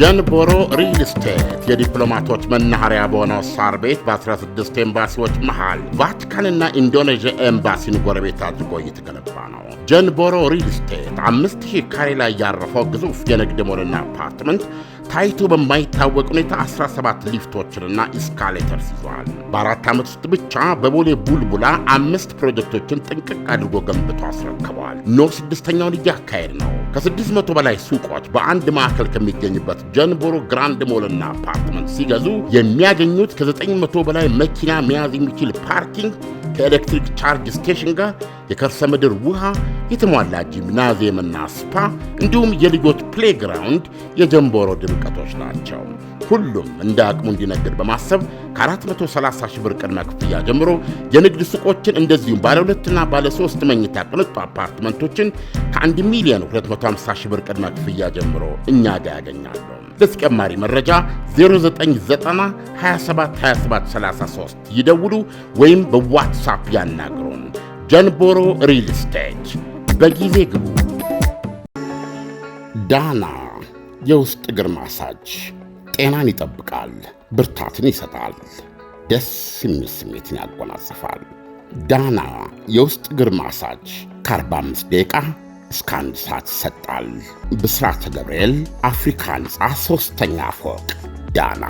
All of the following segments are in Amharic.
ጀንቦሮ ሪል ስቴት የዲፕሎማቶች መናኸሪያ በሆነው ሳር ቤት በ16 ኤምባሲዎች መሃል ቫቲካንና ኢንዶኔዥያ ኤምባሲን ጎረቤት አድርጎ እየተገነባ ነው። ጀንቦሮ ሪል ስቴት 5000 ካሬ ላይ ያረፈው ግዙፍ የንግድ ሞልና አፓርትመንት ታይቶ በማይታወቅ ሁኔታ 17 ሊፍቶችንና ኢስካሌተርስ ይዘዋል። በአራት ዓመት ውስጥ ብቻ በቦሌ ቡልቡላ አምስት ፕሮጀክቶችን ጥንቅቅ አድርጎ ገንብቶ አስረክበዋል። ኖ ስድስተኛውን እያካሄድ ነው። ከ600 በላይ ሱቆች በአንድ ማዕከል ከሚገኝበት ጀንቦሮ ግራንድ ሞልና አፓርትመንት ሲገዙ የሚያገኙት ከ900 በላይ መኪና መያዝ የሚችል ፓርኪንግ ከኤሌክትሪክ ቻርጅ ስቴሽን ጋር የከርሰ ምድር ውሃ፣ የተሟላ ጂምናዚየምና ስፓ እንዲሁም የልጆች ፕሌግራውንድ የጀንቦሮ ድምቀቶች ናቸው። ሁሉም እንደ አቅሙ እንዲነግድ በማሰብ ከ430 ሺህ ብር ቅድመ ክፍያ ጀምሮ የንግድ ሱቆችን እንደዚሁም ባለ ሁለትና ባለ ሶስት መኝታ ቅንጡ አፓርትመንቶችን ከ1 ሚሊዮን 250 ሺህ ብር ቅድመ ክፍያ ጀምሮ እኛ ጋር ያገኛሉ። ለተጨማሪ መረጃ 0990272733 ይደውሉ ወይም በዋትሳፕ ያናግሩን። ጀንቦሮ ሪል ስቴት በጊዜ ግቡ። ዳና የውስጥ እግር ማሳጅ ጤናን ይጠብቃል፣ ብርታትን ይሰጣል፣ ደስ የሚል ስሜትን ያጎናጽፋል። ዳና የውስጥ እግር ማሳጅ ከ45 ደቂቃ እስከ አንድ ሰዓት ይሰጣል። ብስራተ ገብርኤል አፍሪካ ህንፃ ሦስተኛ ፎቅ ዳና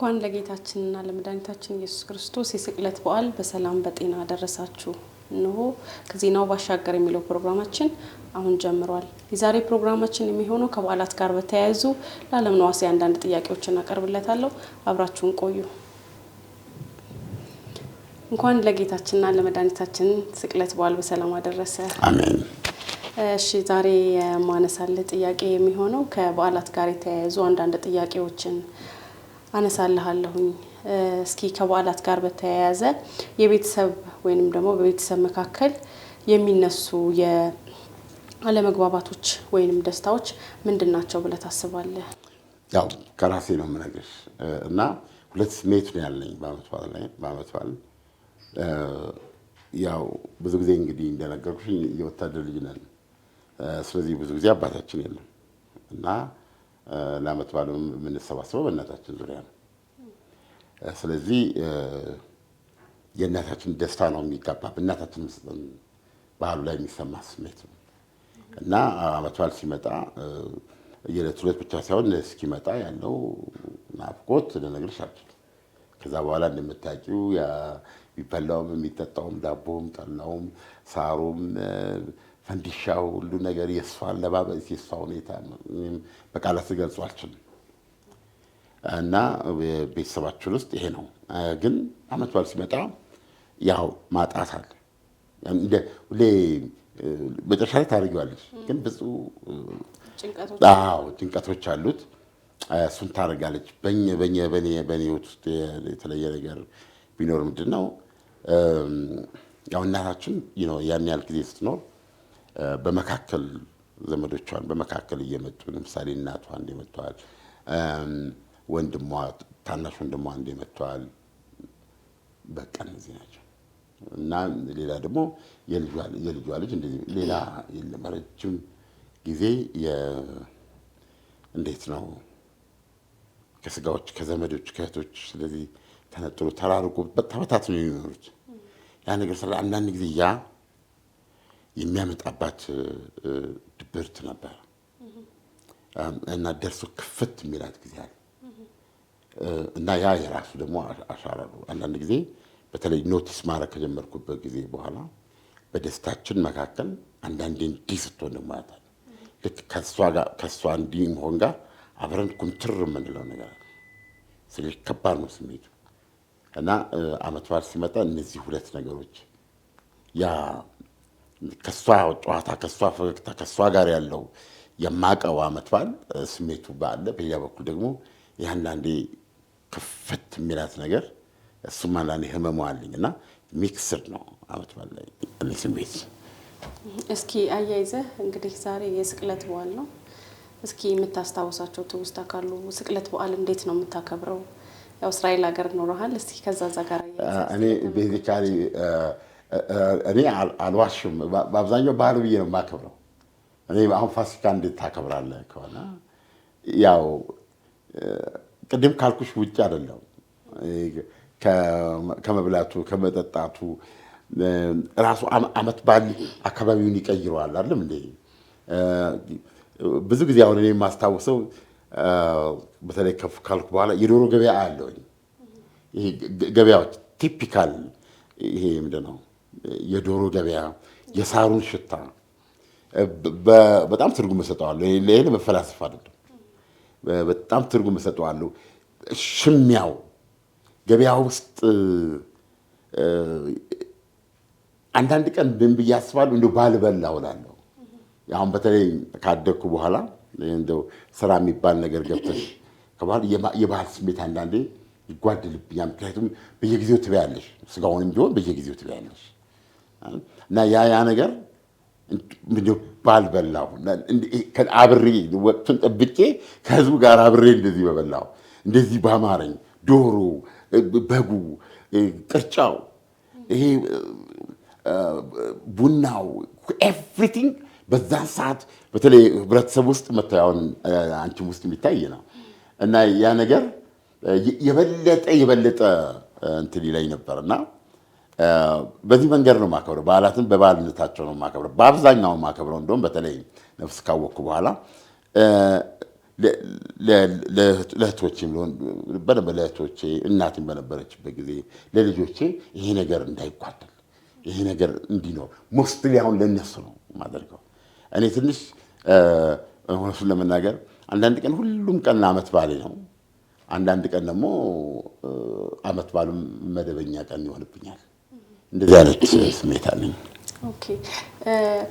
እንኳን ለጌታችንና ለመድኃኒታችን ኢየሱስ ክርስቶስ የስቅለት በዓል በሰላም በጤና አደረሳችሁ። እንሆ ከዜናው ባሻገር የሚለው ፕሮግራማችን አሁን ጀምሯል። የዛሬ ፕሮግራማችን የሚሆነው ከበዓላት ጋር በተያያዙ ለዓለም ነዋሴ አንዳንድ ጥያቄዎችን አቀርብለታለሁ። አብራችሁን ቆዩ። እንኳን ለጌታችንና ለመድኃኒታችን ስቅለት በዓል በሰላም አደረሰ። እሺ ዛሬ የማነሳልህ ጥያቄ የሚሆነው ከበዓላት ጋር የተያያዙ አንዳንድ ጥያቄዎችን አነሳልሃለሁኝ። እስኪ ከበዓላት ጋር በተያያዘ የቤተሰብ ወይንም ደግሞ በቤተሰብ መካከል የሚነሱ የአለመግባባቶች ወይንም ደስታዎች ምንድን ናቸው ብለህ ታስባለህ? ያው ከራሴ ነው የምነግርሽ እና ሁለት ስሜት ነው ያለኝ በዓመት በዓል ላይ በዓመት በዓል ያው ብዙ ጊዜ እንግዲህ እንደነገርኩሽ የወታደር ልጅ ነን። ስለዚህ ብዙ ጊዜ አባታችን የለም እና ለአመት በዓል የምንሰባሰበው በእናታችን ዙሪያ ነው። ስለዚህ የእናታችን ደስታ ነው የሚጋባ በእናታችን ባህሉ ላይ የሚሰማ ስሜት ነው እና አመት በዓል ሲመጣ የዕለት ሁለት ብቻ ሳይሆን እስኪመጣ ያለው ናፍቆት ልነግርሽ አልችልም። ከዛ በኋላ እንደምታውቂው የሚበላውም የሚጠጣውም ዳቦም ጠላውም ሳሩም ፈንዲሻው ሁሉ ነገር የእሷ አለባበስ የእሷ ሁኔታ በቃላት ገልጾ አልችልም። እና ቤተሰባችን ውስጥ ይሄ ነው። ግን አመት በዓል ሲመጣ ያው ማጣት አለ። መጨረሻ ላይ ታደርጊዋለች፣ ግን ብዙ ጭንቀቶች አሉት። እሱን ታደርጋለች። በኔ ወት ውስጥ የተለየ ነገር ቢኖር ምንድን ነው ያው እናታችን ያን ያህል ጊዜ ስትኖር በመካከል ዘመዶቿን በመካከል እየመጡ ለምሳሌ እናቷ አንዴ መጥተዋል፣ ወንድሟ ታናሽ ወንድሟ አንዴ መጥተዋል። በቃ እነዚህ ናቸው እና ሌላ ደግሞ የልጇ ልጅ እንደዚህ ሌላ የለም። ረጅም ጊዜ እንዴት ነው ከስጋዎች ከዘመዶች ከእህቶች ስለዚህ ተነጥሎ ተራርቆ ተበታትነው የሚኖሩት ያ ነገር ስለ አንዳንድ ጊዜ ያ የሚያመጣባት ድብርት ነበር እና ደርሶ ክፍት የሚላት ጊዜ አለ እና ያ የራሱ ደግሞ አሻራሉ። አንዳንድ ጊዜ በተለይ ኖቲስ ማድረግ ከጀመርኩበት ጊዜ በኋላ በደስታችን መካከል አንዳንዴ እንዲህ ስትሆን ደግሞ ያታል። ልክ ከእሷ እንዲህ መሆን ጋር አብረን ኩምትር የምንለው ነገር አለ። ስለዚህ ከባድ ነው ስሜቱ እና አመት በዓል ሲመጣ እነዚህ ሁለት ነገሮች ያ ከሷ ጨዋታ፣ ከሷ ፈገግታ፣ ከሷ ጋር ያለው የማቀው ዓመት በዓል ስሜቱ በአለ። በሌላ በኩል ደግሞ የአንዳንዴ ክፍት የሚላት ነገር እሱም አንዳንዴ ህመሙ አለኝ እና ሚክስር ነው ዓመት በዓል ላይ ያለኝ ስሜት። እስኪ አያይዘህ እንግዲህ ዛሬ የስቅለት በዓል ነው። እስኪ የምታስታውሳቸው ትውስታ ካሉ ስቅለት በዓል እንዴት ነው የምታከብረው? ያው እስራኤል ሀገር ኖረሃል። እስኪ ከዛዛ ጋር እኔ ቤዚካሊ እኔ አልዋሽም። በአብዛኛው ባህል ብዬ ነው የማከብረው። እኔ አሁን ፋሲካ እንዴት ታከብራለህ ከሆነ ያው ቅድም ካልኩሽ ውጭ አይደለም ከመብላቱ ከመጠጣቱ ራሱ አመት በዓል አካባቢውን ይቀይረዋል። አለም እንደ ብዙ ጊዜ አሁን እኔ የማስታውሰው በተለይ ከፍ ካልኩ በኋላ የዶሮ ገበያ አለውኝ። ይሄ ገበያዎች ቲፒካል ይሄ ምንድን ነው የዶሮ ገበያ፣ የሳሩን ሽታ በጣም ትርጉም እሰጠዋለሁ። ይሄ መፈላሰፍ አይደለም። በጣም ትርጉም እሰጠዋለሁ። ሽሚያው ገበያ ውስጥ አንዳንድ ቀን ብን ብዬ አስባለሁ እንደው ባልበላ እውላለሁ። አሁን በተለይ ካደግኩ በኋላ እንደው ስራ የሚባል ነገር ገብተሽ ከባል የባህል ስሜት አንዳንዴ ይጓድልብኛል። ምክንያቱም በየጊዜው ትበያለሽ፣ ስጋውንም ቢሆን በየጊዜው ትበያለሽ። እና ያ ያ ነገር ባልበላሁ አብሬ ወቅቱን ጠብቄ ከህዝቡ ጋር አብሬ እንደዚህ በበላሁ እንደዚህ በአማረኝ ዶሮ፣ በጉ፣ ቅርጫው፣ ይሄ ቡናው ኤቭሪቲንግ በዛን ሰዓት በተለይ ህብረተሰብ ውስጥ መታየውን አንቺም ውስጥ የሚታይ ነው እና ያ ነገር የበለጠ የበለጠ እንትን ይለኝ ነበር እና በዚህ መንገድ ነው የማከብረው። በዓላትን በባልነታቸው ነው ማከብረው በአብዛኛው ማከብረው እንደውም በተለይ ነፍስ ካወቅኩ በኋላ ለእህቶቼም ሆን በደንብ ለእህቶቼ እናቴም በነበረችበት ጊዜ ለልጆቼ ይሄ ነገር እንዳይጓደል ይሄ ነገር እንዲኖር ሞስትሊ አሁን ለነሱ ነው ማደርገው እኔ ትንሽ እውነቱን ለመናገር አንዳንድ ቀን ሁሉም ቀን አመት ባሌ ነው። አንዳንድ ቀን ደግሞ አመት በዓሉም መደበኛ ቀን ይሆንብኛል። እንደዚህ አይነት ስሜት አለኝ። ኦኬ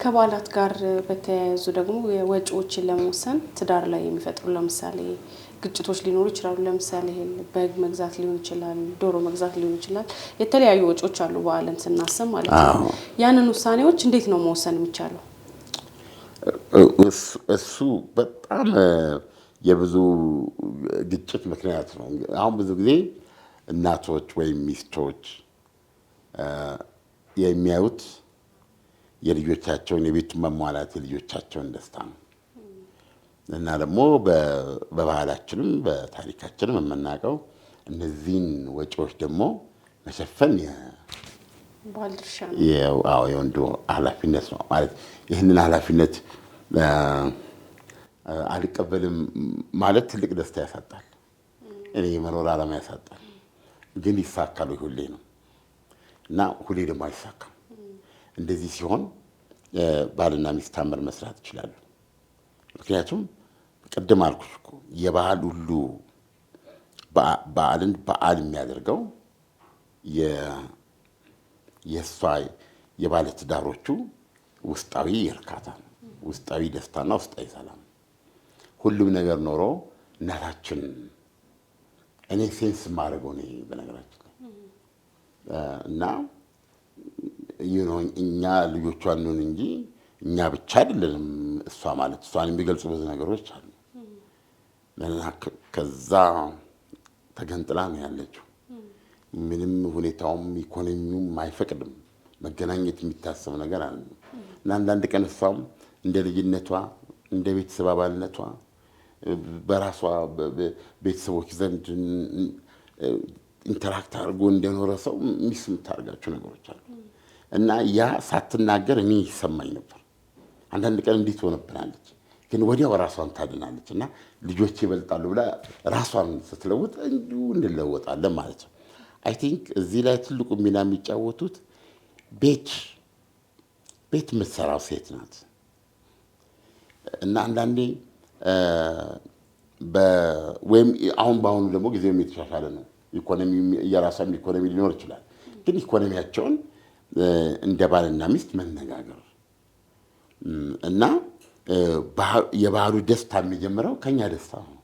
ከበዓላት ጋር በተያያዙ ደግሞ ወጪዎችን ለመወሰን ትዳር ላይ የሚፈጥሩ ለምሳሌ ግጭቶች ሊኖሩ ይችላሉ። ለምሳሌ ይሄን በግ መግዛት ሊሆን ይችላል፣ ዶሮ መግዛት ሊሆን ይችላል። የተለያዩ ወጪዎች አሉ በዓልን ስናስብ ማለት ነው። ያንን ውሳኔዎች እንዴት ነው መወሰን የሚቻለው? እሱ በጣም የብዙ ግጭት ምክንያት ነው። አሁን ብዙ ጊዜ እናቶች ወይም ሚስቶች የሚያዩት የልጆቻቸውን የቤቱ መሟላት የልጆቻቸውን ደስታ ነው እና ደግሞ በባህላችንም በታሪካችንም የምናውቀው እነዚህን ወጪዎች ደግሞ መሸፈን የወንዱ ኃላፊነት ነው ማለት ይህንን ኃላፊነት አልቀበልም ማለት ትልቅ ደስታ ያሳጣል። እኔ የመኖር ዓላማ ያሳጣል። ግን ይሳካሉ ሁሌ ነው እና ሁሌ ደግሞ አይሳካም። እንደዚህ ሲሆን ባልና ሚስት ታምር መስራት ይችላሉ። ምክንያቱም ቅድም አልኩሽ እኮ የባህል ሁሉ በዓልን በዓል የሚያደርገው የእሷ የባለ ትዳሮቹ ውስጣዊ እርካታ ነው፣ ውስጣዊ ደስታና ውስጣዊ ሰላም። ሁሉም ነገር ኖሮ እናታችን እኔ ሴንስ የማደርገው እኔ በነገራችን እና እኛ ልጆቿ እንሆን እንጂ እኛ ብቻ አይደለንም። እሷ ማለት እሷን የሚገልጹ ብዙ ነገሮች አሉ። ከዛ ተገንጥላ ነው ያለችው። ምንም ሁኔታውም ኢኮኖሚውም አይፈቅድም። መገናኘት የሚታሰብ ነገር አለ እና አንዳንድ ቀን እሷም እንደ ልጅነቷ እንደ ቤተሰብ አባልነቷ በራሷ ቤተሰቦች ዘንድ ኢንተራክት አድርጎ እንደኖረ ሰው ሚስ የምታደርጋቸው ነገሮች አሉ እና ያ ሳትናገር እኔ ይሰማኝ ነበር። አንዳንድ ቀን እንዴት ሆነብናለች፣ ግን ወዲያው ራሷን ታድናለች እና ልጆች ይበልጣሉ ብላ ራሷን ስትለውጥ እንዲሁ እንለወጣለን ማለት ነው። አይ ቲንክ እዚህ ላይ ትልቁ ሚና የሚጫወቱት ቤት ቤት የምትሰራው ሴት ናት እና አንዳንዴ ወይም አሁን በአሁኑ ደግሞ ጊዜው የተሻሻለ ነው ኢኮኖሚ ኢኮኖሚ ሊኖር ይችላል። ግን ኢኮኖሚያቸውን እንደ ባልና ሚስት መነጋገር እና የባህሉ ደስታ የሚጀምረው ከኛ ደስታ ነው።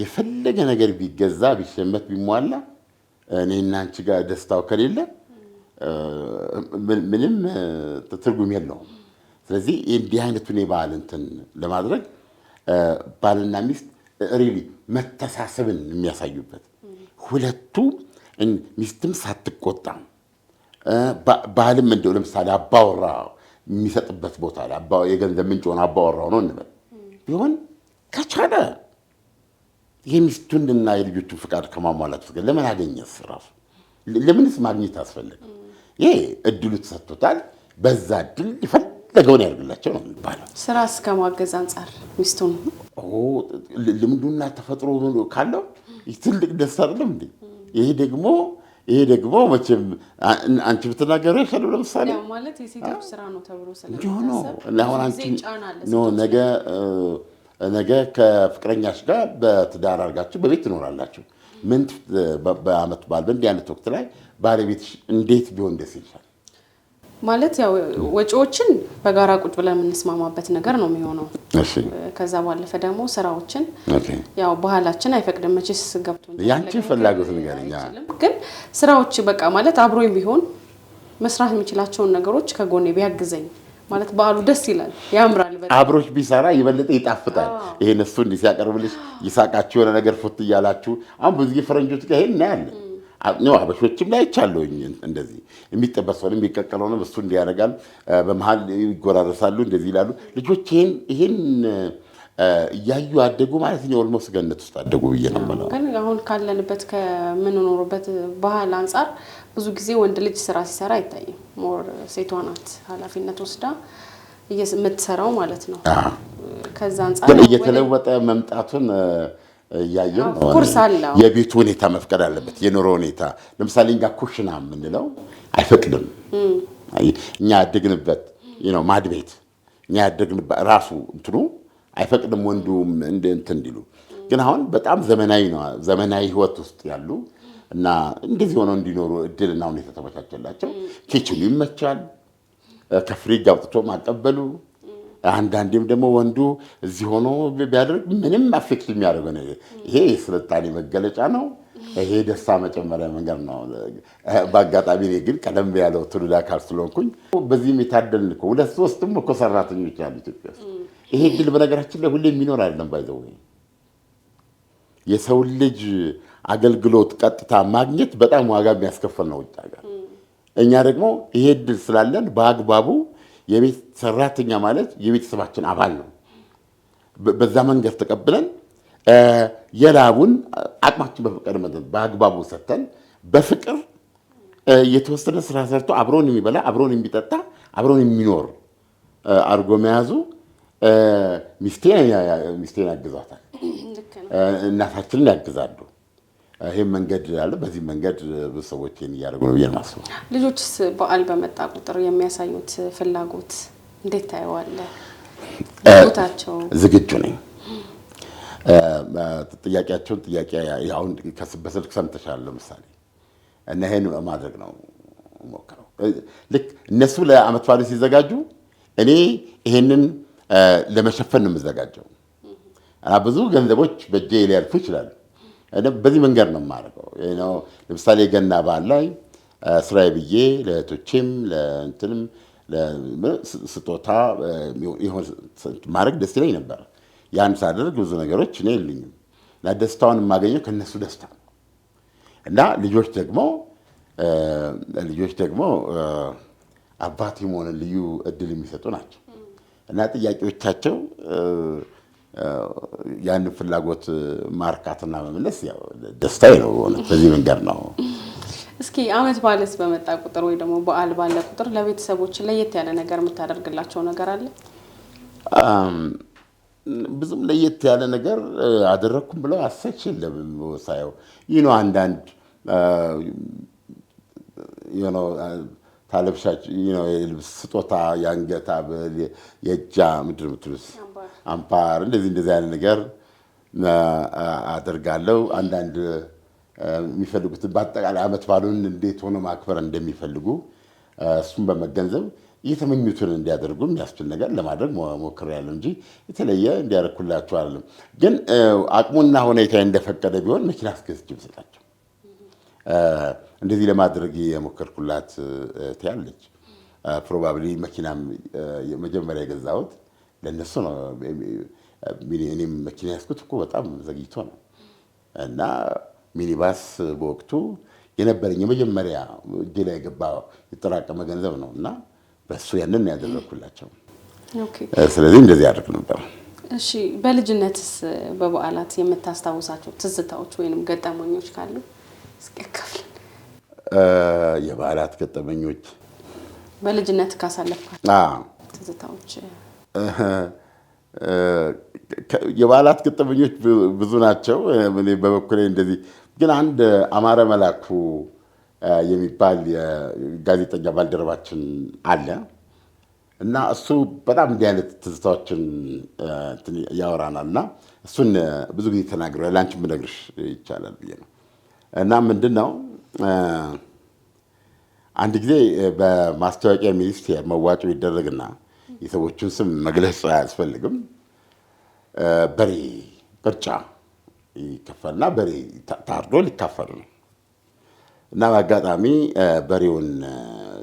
የፈለገ ነገር ቢገዛ ቢሸመት ቢሟላ እኔና አንቺ ጋር ደስታው ከሌለ ምንም ትርጉም የለውም። ስለዚህ እንዲህ አይነቱን የባህል እንትን ለማድረግ ባልና ሚስት ሪሊ መተሳሰብን የሚያሳዩበት ሁለቱ ሚስትም ሳትቆጣ ባልም እንደው ለምሳሌ አባወራ የሚሰጥበት ቦታ ላይ የገንዘብ ምንጭ ሆነ አባወራ ነው እንበል ቢሆን ከቻለ የሚስቱንና የልጆቹን ፍቃድ ከማሟላት ስገ ለምን አገኘስ? ራሱ ለምንስ ማግኘት አስፈለገ? ይሄ እድሉ ተሰጥቶታል። በዛ እድል የፈለገውን ያደርግላቸው ነው የሚባለው። ስራ እስከ ማገዝ አንጻር ሚስቱን ልምዱና ተፈጥሮ ካለው ትልቅ ደስታ አይደለም እንዴ? ይሄ ደግሞ ይሄ ደግሞ መቼም አንቺ ብትናገረ ይሻሉ። ለምሳሌ ስራ ነገ ነገ ጋር በትዳር አድርጋችሁ በቤት ትኖራላችሁ። ምን በአመት በዓል በእንዲህ አይነት ወቅት ላይ ባለቤት እንዴት ቢሆን ደስ ይልሻል? ማለት ያው ወጪዎችን በጋራ ቁጭ ብለን የምንስማማበት ነገር ነው የሚሆነው። ከዛ ባለፈ ደግሞ ስራዎችን ያው ባህላችን አይፈቅድም መቼስ ገብቶ ያንቺ ፍላጎት ንገረኝ። ግን ስራዎች በቃ ማለት አብሮኝ ቢሆን መስራት የሚችላቸውን ነገሮች ከጎኔ ቢያግዘኝ ማለት በዓሉ ደስ ይላል፣ ያምራል። አብሮች ቢሰራ የበለጠ ይጣፍጣል። ይሄን እሱ እንዲህ ሲያቀርብልሽ ይሳቃችሁ የሆነ ነገር ፉት እያላችሁ አሁን ብዙ ጊዜ ፈረንጆች ጋር ይሄን እናያለን ነው። አበሾችም ላይ ይቻለውኝ እንደዚህ የሚጠበስ ሆነ የሚቀቀል ሆነ እሱ እንዲያደርጋል፣ በመሀል ይጎራረሳሉ፣ እንደዚህ ይላሉ። ልጆች ይህን እያዩ አደጉ ማለት ነው። ኦልሞስት ገነት ውስጥ አደጉ ብዬ ነው የምለው። ግን አሁን ካለንበት ከምንኖሩበት ባህል አንጻር ብዙ ጊዜ ወንድ ልጅ ስራ ሲሰራ አይታይም። ሞር ሴቷ ናት ኃላፊነት ወስዳ የምትሰራው ማለት ነው። ከዛ አንጻር ግን እየተለወጠ መምጣቱን እያየን ነው። የቤቱ ሁኔታ መፍቀድ አለበት። የኑሮ ሁኔታ ለምሳሌ እኛ ኩሽና የምንለው አይፈቅድም። እኛ ያደግንበት ማድቤት እኛ ያደግንበት ራሱ እንትኑ አይፈቅድም። ወንዱም እንትን እንዲሉ ግን አሁን በጣም ዘመናዊ ነው። ዘመናዊ ህይወት ውስጥ ያሉ እና እንደዚህ ሆነው እንዲኖሩ እድልና ሁኔታ ተመቻቸላቸው። ኬችኑ ይመቻል። ከፍሪጅ አውጥቶ ማቀበሉ አንዳንዴም ደግሞ ወንዱ እዚህ ሆኖ ቢያደርግ ምንም አፌክት የሚያደርገው ነገር ይሄ የስልጣኔ መገለጫ ነው። ይሄ ደስታ መጨመሪያ መንገድ ነው። በአጋጣሚ እኔ ግን ቀደም ያለው ትውልድ አካል ስለሆንኩኝ በዚህም የታደልን እኮ ሁለት ሶስትም እኮ ሰራተኞች አሉ ኢትዮጵያ ውስጥ። ይሄ ግን በነገራችን ላይ ሁሌ የሚኖር አይደለም። ባይዘው የሰው ልጅ አገልግሎት ቀጥታ ማግኘት በጣም ዋጋ የሚያስከፍል ነው ውጭ ሀገር። እኛ ደግሞ ይሄ እድል ስላለን በአግባቡ የቤት ሰራተኛ ማለት የቤተሰባችን አባል ነው። በዛ መንገድ ተቀብለን የላቡን አቅማችን በፍቅር መጠን በአግባቡ ሰጥተን በፍቅር የተወሰነ ስራ ሰርቶ አብሮን የሚበላ አብሮን የሚጠጣ አብሮን የሚኖር አድርጎ መያዙ ሚስቴን ያግዛታል፣ እናታችንን ያግዛሉ። ይህ መንገድ አለ። በዚህ መንገድ ብዙ ሰዎች እያደረጉ ነው ብዬ ማስበው። ልጆችስ በዓል በመጣ ቁጥር የሚያሳዩት ፍላጎት እንዴት ታየዋለህ? ቦታቸው ዝግጁ ነኝ። ጥያቄያቸውን ጥያቄ አሁን በስልክ ሰምተሻል ለምሳሌ እና ይሄን ማድረግ ነው ሞክረው። ልክ እነሱ ለአመት በዓል ሲዘጋጁ እኔ ይሄንን ለመሸፈን ነው የምዘጋጀው እና ብዙ ገንዘቦች በእጄ ሊያልፉ ይችላሉ በዚህ መንገድ ነው የማደርገው። ለምሳሌ ገና በዓል ላይ ስራዬ ብዬ ለእህቶቼም ለእንትንም ስጦታ ማድረግ ደስ ይለኝ ነበር። ያን ሳደርግ ብዙ ነገሮች እኔ የሉኝም እና ደስታውን የማገኘው ከነሱ ደስታ ነው እና ልጆች ደግሞ ልጆች ደግሞ አባት የመሆንን ልዩ እድል የሚሰጡ ናቸው እና ጥያቄዎቻቸው ያን ፍላጎት ማርካትና መመለስ ደስታዬ ነው። በዚህ መንገድ ነው። እስኪ አመት በዓልስ በመጣ ቁጥር ወይ ደግሞ በዓል ባለ ቁጥር ለቤተሰቦች ለየት ያለ ነገር የምታደርግላቸው ነገር አለ? ብዙም ለየት ያለ ነገር አደረግኩም ብለው አሰች የለም። ሳየው ይህ ነው አንዳንድ ታለብሻ የልብስ ስጦታ የአንገት ሀብል የእጃ ምድር ነው አምፓር እንደዚህ እንደዚህ አይነት ነገር አደርጋለሁ። አንዳንድ የሚፈልጉትን በአጠቃላይ አመት ባሉን እንዴት ሆኖ ማክበር እንደሚፈልጉ እሱም በመገንዘብ እየተመኙትን እንዲያደርጉ የሚያስችል ነገር ለማድረግ ሞክሬያለሁ እንጂ የተለየ እንዲያደርግኩላቸው አይደለም። ግን አቅሙና ሁኔታ እንደፈቀደ ቢሆን መኪና አስገዝቼ ብሰጣቸው እንደዚህ ለማድረግ የሞከርኩላት ትያለች። ፕሮባብሊ መኪናም መጀመሪያ የገዛሁት ለእነሱ ነው። እኔም መኪና ያስኩት እኮ በጣም ዘግይቶ ነው እና ሚኒባስ በወቅቱ የነበረኝ የመጀመሪያ እጅ ላይ የገባ የተጠራቀመ ገንዘብ ነው እና በሱ ያንን ያደረግኩላቸው። ስለዚህ እንደዚህ ያደርግ ነበር። እሺ በልጅነትስ በበዓላት የምታስታውሳቸው ትዝታዎች ወይም ገጠመኞች ካሉ እስከከፍል የበዓላት ገጠመኞች በልጅነት ካሳለፍካቸው ትዝታዎች የበዓላት ገጠመኞች ብዙ ናቸው። እኔ በበኩሌ እንደዚህ ግን አንድ አማረ መላኩ የሚባል የጋዜጠኛ ባልደረባችን አለ እና እሱ በጣም እንዲህ አይነት ትዝታዎችን ያወራናል እና እሱን ብዙ ጊዜ ተናግረ አንቺ ብነግርሽ ይቻላል ብዬ ነው እና ምንድን ነው አንድ ጊዜ በማስታወቂያ ሚኒስቴር መዋጮ ይደረግና የሰዎቹን ስም መግለጽ አያስፈልግም። በሬ ቅርጫ ይከፈልና በሬ ታርዶ ሊካፈል ነው እና በአጋጣሚ በሬውን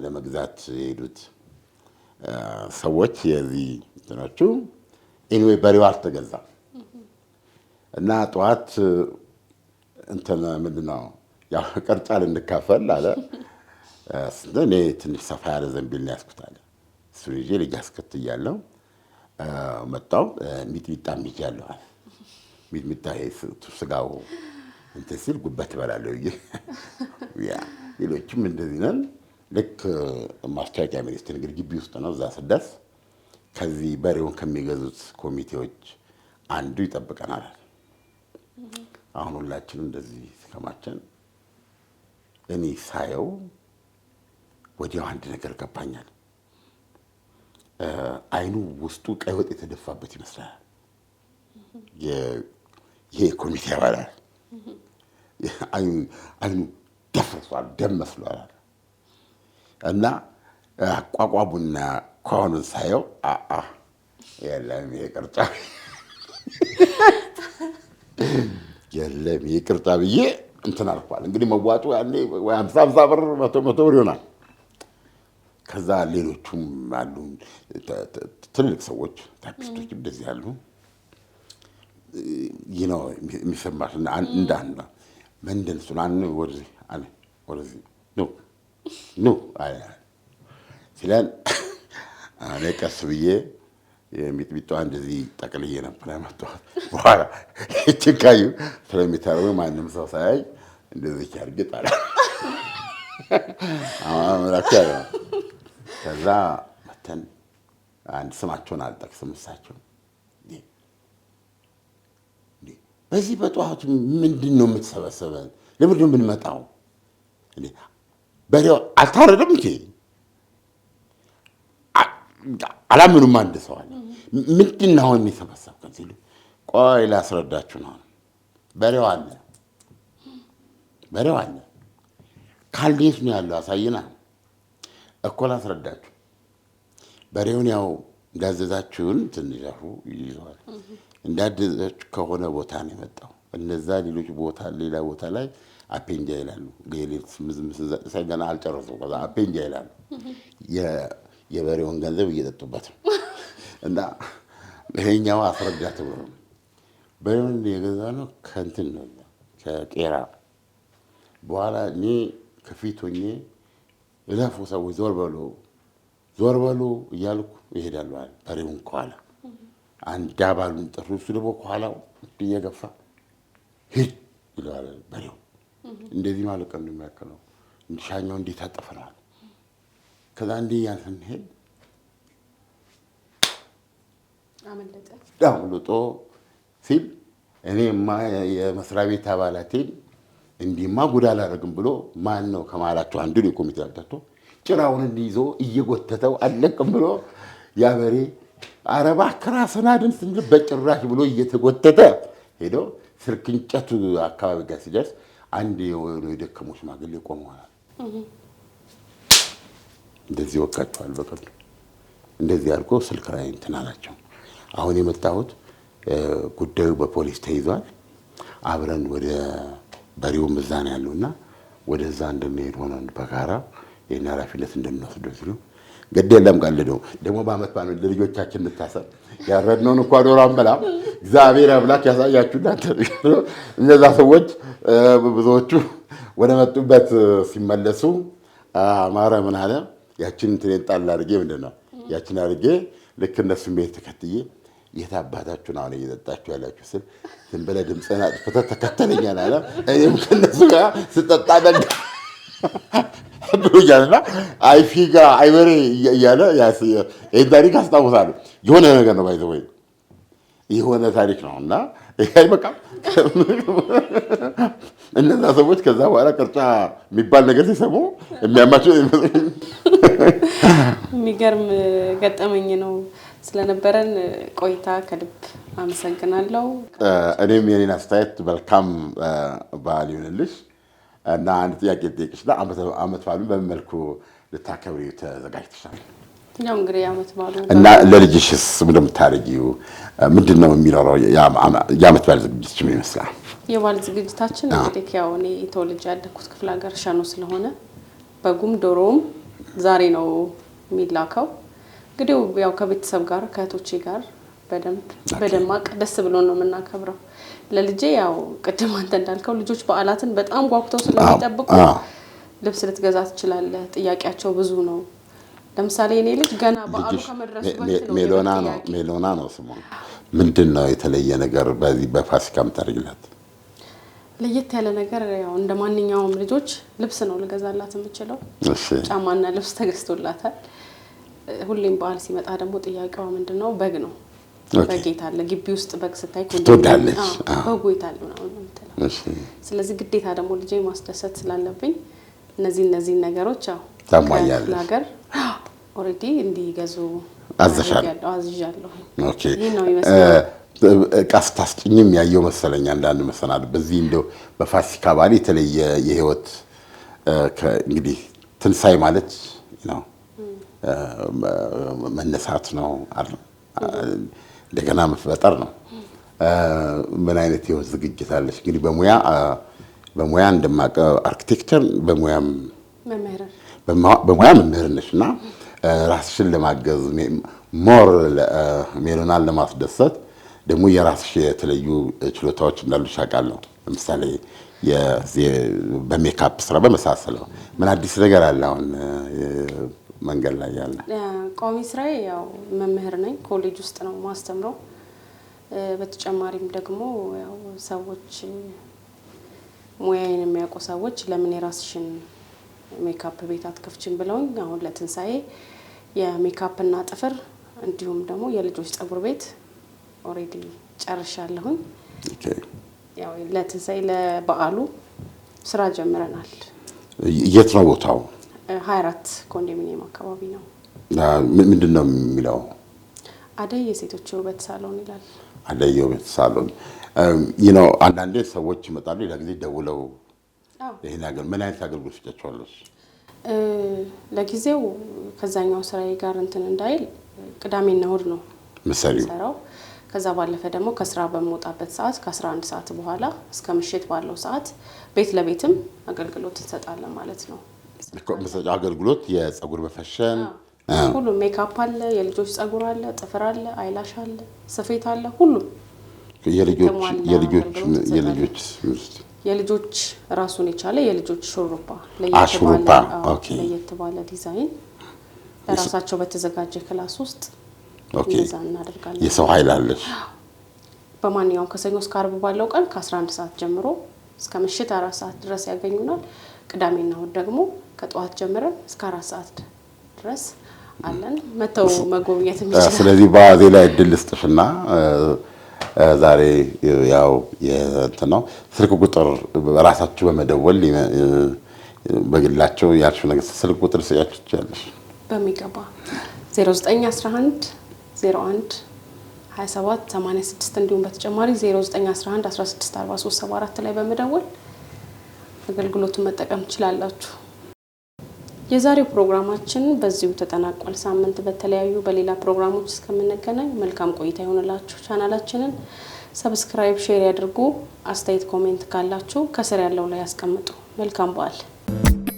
ለመግዛት የሄዱት ሰዎች የዚህ እንትኖቹ ኢንዌይ በሬው አልተገዛም እና ጠዋት እንትን ምንድን ነው ያው ቅርጫ ልንካፈል አለ። እኔ ትንሽ ሰፋ ያለ ዘንቢል ያስኩታለ እሱን ይዤ ልጅ አስከትያለሁ መጣሁ። ሚጥሚጣ ሚጃለሁ ሚጥሚጣ ስጋው እንትን ሲል ጉበት እበላለሁ። ያ ሌሎችም እንደዚህ ነን። ልክ ማስታወቂያ ሚኒስቴር እንግዲህ ግቢ ውስጥ ነው። እዛ ስደርስ ከዚህ በሬውን ከሚገዙት ኮሚቴዎች አንዱ ይጠብቀናል። አሁን ሁላችንም እንደዚህ ስከማችን እኔ ሳየው ወዲያው አንድ ነገር ገባኛል። አይኑ ውስጡ ቀይ ወጥ የተደፋበት ይመስላል። ይሄ ኮሚቴ አባላል አይኑ ደፍርሷል፣ ደም መስሏል እና አቋቋሙና ከሆኑን ሳየው የለም ይሄ ቅርጫ የለም ይሄ ቅርጫ ብዬ እንትን አልኳል። እንግዲህ መዋጡ ያኔ ሀምሳ ሀምሳ ብር መቶ መቶ ብር ይሆናል። ከዛ ሌሎቹም አሉ ትልልቅ ሰዎች ታፒስቶች እንደዚህ አሉ ይነው የሚሰማሽ እንዳና መንደን ሱ አን ወደዚህ አለ ወደዚህ ኑ ኑ ሲለን እኔ ቀስ ብዬ የሚጥሚጧ እንደዚህ ጠቅልዬ ነበር ያመጣኋት። በኋላ ችካዩ ካዩ ማንም ሰው ሳያይ እንደዚህ ያርግጥ አለ ያለ ከዛ መተን አንድ ስማቸውን አልጠቅስም እሳቸው በዚህ በጠዋቱ ምንድን ነው የምትሰበሰበን? ለምንድን ነው የምንመጣው? በሬው አልታረደም እ አላምኑም። አንድ ሰው አለ ምንድን ነው አሁን የሚሰበሰብከን ሲሉ፣ ቆይ ላስረዳችሁ ነው። በሬው አለ፣ በሬው አለ፣ ካልዴት ነው ያለው፣ አሳይና እኮ ላስረዳችሁ። በሬውን ያው እንዳዘዛችሁን ትንሽ ይዘዋል። ይይዘዋል። እንዳዘዛችሁ ከሆነ ቦታ ነው የመጣው። እነዛ ሌሎች ቦታ ሌላ ቦታ ላይ አፔንጃ ይላሉ። ገና አልጨረሱ አፔንጃ ይላሉ። የበሬውን ገንዘብ እየጠጡበት ነው እና ይሄኛው አስረዳ ተብሎ ነው። በሬውን የገዛ ነው ከንትን ነው ከቄራ በኋላ እኔ ከፊት ሆኜ እለፉ ሰዎች ዞር በሉ ዞር በሉ እያልኩ ይሄዳሉ ባል በሬውን ከኋላ አንድ አባሉን ጥሩ፣ እሱ ደግሞ ከኋላው እየገፋ ሂድ ይለዋል በሬው። እንደዚህ ማለቀ እንደሚያክለው የሚያቀነው ሻኛው እንዴት አጠፈነዋል። ከዛ እንዲ ያን ስንሄድ አመለጠ ሲል እኔማ የመስሪያ ቤት አባላቴን እንዲማ ጉድ አላደርግም ብሎ ማን ነው ከመሀላችሁ አንዱ ነው የኮሚቴ አልጠቶ ጭራውን እንዲይዞ እየጎተተው አለቅም ብሎ ያበሬ አረባ ኧረ እባክህ ራስህን ስንል በጭራሽ ብሎ እየተጎተተ ሄዶ ስልክ እንጨቱ አካባቢ ጋር ሲደርስ አንድ የወሎ የደከሙ ሽማግሌ ቆመዋል። እንደዚህ ወቃቸዋል። በቀሉ እንደዚህ አድርጎ ስልክ ላይ እንትን አላቸው። አሁን የመጣሁት ጉዳዩ በፖሊስ ተይዟል። አብረን ወደ በሪውም እዛ ነው ያለው እና ወደዛ እንደሚሄድ ሆነ በጋራ ይህን ኃላፊነት እንደምንወስዶ ሲሉ ግድ የለም ቀልደው ደግሞ በአመት ባ ለልጆቻችን እንታሰር ያረድነውን እኳ ዶሮ አንበላም። እግዚአብሔር አምላክ ያሳያችሁ እናንተ። እነዛ ሰዎች ብዙዎቹ ወደ መጡበት ሲመለሱ አማረ ምን አለ ያችን ትሬን ጣል አድርጌ ምንድን ነው ያችን አድርጌ ልክ እነሱ ቤት ተከትዬ የት አባታችሁ አሁን እየጠጣችሁ ያላችሁ ስል ዝም ብለህ ድምፅህን አጥፍተህ ተከተለኛል አለ። እኔም ከነሱ ጋር ስጠጣ ደግ ብሎ አይፊጋ አይበሬ እያለ ይህን ታሪክ አስታውሳለሁ። የሆነ ነገር ነው ባይዘ ወይ የሆነ ታሪክ ነው እና ይሄ እነዛ ሰዎች ከዛ በኋላ ቅርጫ የሚባል ነገር ሲሰሙ የሚያማቸው የሚገርም ገጠመኝ ነው። ስለነበረን ቆይታ ከልብ አመሰግናለሁ። እኔም የኔን አስተያየት መልካም ባህል ይሆንልሽ እና አንድ ጥያቄ ጠይቅሽና አመት በዓሉን በምን መልኩ ልታከብሪ ተዘጋጅተሻል? ያው እንግዲህ አመት በዓሉ እና ለልጅሽስ እንደምታደርጊው ምንድን ነው የሚኖረው? የአመት በዓል ዝግጅት ምን ይመስላል? የበዓል ዝግጅታችን እንግዲህ ያው እኔ ተወልጄ ያደግኩት ክፍለ ሀገር ሸኖ ስለሆነ በጉም ዶሮም ዛሬ ነው የሚላከው እንግዲህ ያው ከቤተሰብ ጋር ከእህቶቼ ጋር በደንብ በደማቅ ደስ ብሎ ነው የምናከብረው። ለልጄ ያው ቅድም አንተ እንዳልከው ልጆች በዓላትን በጣም ጓጉተው ስለሚጠብቁ ልብስ ልትገዛ ትችላለህ። ጥያቄያቸው ብዙ ነው። ለምሳሌ እኔ ልጅ ገና በዓሉ ከመድረሱ ነው ሜሎና ነው ስሙ። ምንድን ነው የተለየ ነገር በዚህ በፋሲካ ምታደርግላት? ለየት ያለ ነገር ያው እንደ ማንኛውም ልጆች ልብስ ነው ልገዛላት የምችለው። ጫማና ልብስ ተገዝቶላታል። ሁሌም በዓል ሲመጣ ደግሞ ጥያቄዋ ምንድን ነው? በግ ነው። በግ የት አለ? ግቢ ውስጥ በግ ስታይ ትወዳለች። በጉ የት አለ? ስለዚህ ግዴታ ደግሞ ልጄ ማስደሰት ስላለብኝ እነዚህ እነዚህን ነገሮች ያው ታሟኛለች ኦልሬዲ እንዲገዙ አዝዣለሁ። ይህ ስታስጭኝም ያየው መሰለኝ አንዳንድ መሰናል በዚህ እንደው በፋሲካ በዓል የተለየ የህይወት እንግዲህ ትንሳኤ ማለት ነው መነሳት ነው፣ እንደገና መፈጠር ነው። ምን አይነት የሆነ ዝግጅት አለች? እንግዲህ በሙያ በሙያ እንደማቀ አርኪቴክቸር በሙያ መምህር እና ራስሽን ለማገዝ ሞር ሜሎናን ለማስደሰት ደግሞ የራስሽ የተለዩ ችሎታዎች እንዳሉ አውቃለሁ። ለምሳሌ በሜካፕ ስራ በመሳሰለው ምን አዲስ ነገር አለ አሁን መንገድ ላይ ያለ ቋሚ ስራዬ ያው መምህር ነኝ። ኮሌጅ ውስጥ ነው ማስተምረው። በተጨማሪም ደግሞ ያው ሰዎች ሙያዬን የሚያውቁ ሰዎች ለምን የራስሽን ሜካፕ ቤት አትከፍችን ብለውኝ አሁን የሜካፕ የሜካፕና ጥፍር እንዲሁም ደግሞ የልጆች ጸጉር ቤት ኦሬዲ ጨርሻለሁኝ። ለትንሳኤ ለበዓሉ ስራ ጀምረናል። የት ነው ቦታው? ሀያ አራት ኮንዶሚኒየም አካባቢ ነው። ምንድን ነው የሚለው? አደይ የሴቶች የውበት ሳሎን ይላል። አደይ የውበት ሳሎን ይነው። አንዳንዴ ሰዎች ይመጣሉ፣ ሌላ ጊዜ ደውለው ይህን ያገ ምን አይነት አገልግሎት ይጫቸዋለች? ለጊዜው ከዛኛው ስራዬ ጋር እንትን እንዳይል ቅዳሜና እሑድ ነው ምሰራው። ከዛ ባለፈ ደግሞ ከስራ በምወጣበት ሰዓት ከ11 ሰዓት በኋላ እስከ ምሽት ባለው ሰዓት ቤት ለቤትም አገልግሎት እንሰጣለን ማለት ነው። አገልግሎት የፀጉር መፈሸን ሁሉም ሜካፕ አለ፣ የልጆች ፀጉር አለ፣ ጥፍር አለ፣ አይላሽ አለ፣ ስፌት አለ። ሁሉም የልጆች ራሱን የቻለ የልጆች ሹሩባ ለየት ባለ ዲዛይን ራሳቸው በተዘጋጀ ክላስ ውስጥ ዛ እናደርጋለን። የሰው ኃይል አለች። በማንኛውም ከሰኞ እስከ አርብ ባለው ቀን ከ11 ሰዓት ጀምሮ እስከ ምሽት አራት ሰዓት ድረስ ያገኙናል። ቅዳሜና እሁድ ደግሞ ከጠዋት ጀምረን እስከ አራት ሰዓት ድረስ አለን መተው መጎብኘት ይችላል። ስለዚህ በአዜ ላይ እድል ልስጥሽና ዛሬ ያው የእንትን ነው ስልክ ቁጥር ራሳችሁ በመደወል በግላቸው ያልሽ ነገር ስልክ ቁጥር ስያችሁ ትችላለሽ በሚገባ 0911 01 27 86 እንዲሁም በተጨማሪ 0911 16 43 74 ላይ በመደወል አገልግሎቱን መጠቀም ትችላላችሁ። የዛሬው ፕሮግራማችን በዚሁ ተጠናቋል። ሳምንት በተለያዩ በሌላ ፕሮግራሞች እስከምንገናኝ መልካም ቆይታ ይሆንላችሁ። ቻናላችንን ሰብስክራይብ፣ ሼር ያድርጉ። አስተያየት ኮሜንት ካላችሁ ከስር ያለው ላይ ያስቀምጡ። መልካም በዓል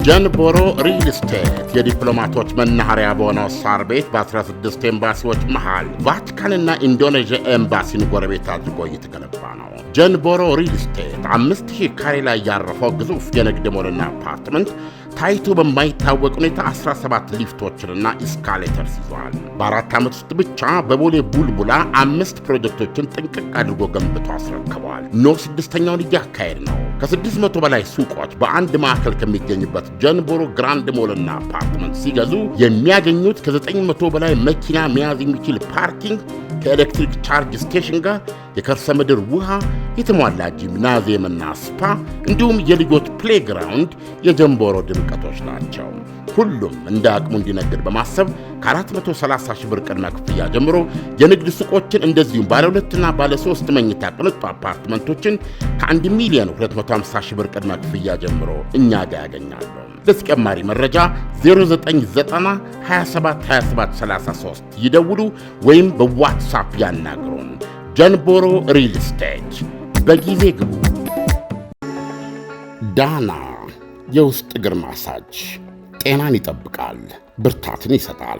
ጀንቦሮ ሪል ስቴት የዲፕሎማቶች መናኸሪያ በሆነው ሳር ቤት በ16 ኤምባሲዎች መሃል ቫቲካንና ኢንዶኔዥያ ኤምባሲን ጎረቤት አድርጎ እየተገነባ ነው። ጀንቦሮ ሪል ስቴት 5000 ካሬ ላይ ያረፈው ግዙፍ የንግድ ሞልና አፓርትመንት ታይቶ በማይታወቅ ሁኔታ 17 ሊፍቶችንና ኢስካሌተርስ ይዘዋል። በአራት ዓመት ውስጥ ብቻ በቦሌ ቡልቡላ አምስት ፕሮጀክቶችን ጥንቅቅ አድርጎ ገንብቶ አስረክበዋል። ኖ ስድስተኛውን እያካሄድ ነው። ከ600 በላይ ሱቆች በአንድ ማዕከል ከሚገኝበት ጀንቦሮ ግራንድ ሞልና አፓርትመንት ሲገዙ የሚያገኙት ከ900 በላይ መኪና መያዝ የሚችል ፓርኪንግ ከኤሌክትሪክ ቻርጅ ስቴሽን ጋር የከርሰ ምድር ውሃ፣ የተሟላ ጂምናዚየምና ስፓ እንዲሁም የልጆች ፕሌግራውንድ የጀንቦሮ ድምቀቶች ናቸው። ሁሉም እንደ አቅሙ እንዲነግድ በማሰብ ከ430 ሺህ ብር ቅድመ ክፍያ ጀምሮ የንግድ ሱቆችን እንደዚሁም ባለ ሁለትና ባለ ሶስት መኝታ ቅንጡ አፓርትመንቶችን ከ1 ሚሊዮን 250 ሺህ ብር ቅድመ ክፍያ ጀምሮ እኛ ጋር ያገኛሉ። ለተጨማሪ መረጃ 0990272733 ይደውሉ ወይም በዋትሳፕ ያናግሩን። ጀንቦሮ ሪል ስቴት በጊዜ ግቡ። ዳና የውስጥ እግር ማሳጅ ጤናን ይጠብቃል፣ ብርታትን ይሰጣል፣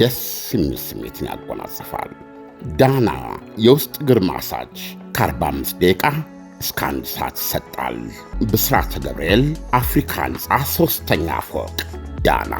ደስ የሚል ስሜትን ያጎናጽፋል። ዳና የውስጥ እግር ማሳጅ ከ45 ደቂቃ እስከ አንድ ሰዓት ይሰጣል። ብስራተ ገብርኤል አፍሪካ ሕንፃ ሦስተኛ ፎቅ ዳና